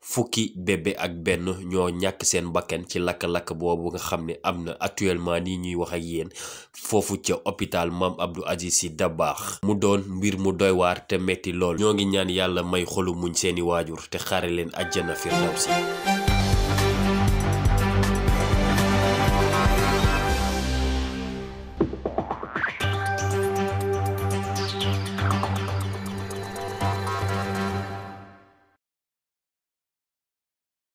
fukki bébé ak benn ñoo ñàkk seen bakkan ci lakk-lakk boobu nga xam ne am na actuellement nii ñuy wax ak yéen foofu ca hôpital Mame Abdou Aziz Sy Dabakh mu doon mbir mu doy waar te metti lool ñoo ngi ñaan yàlla may xolu muñ seeni waajur te xaare leen àjjana firdawsi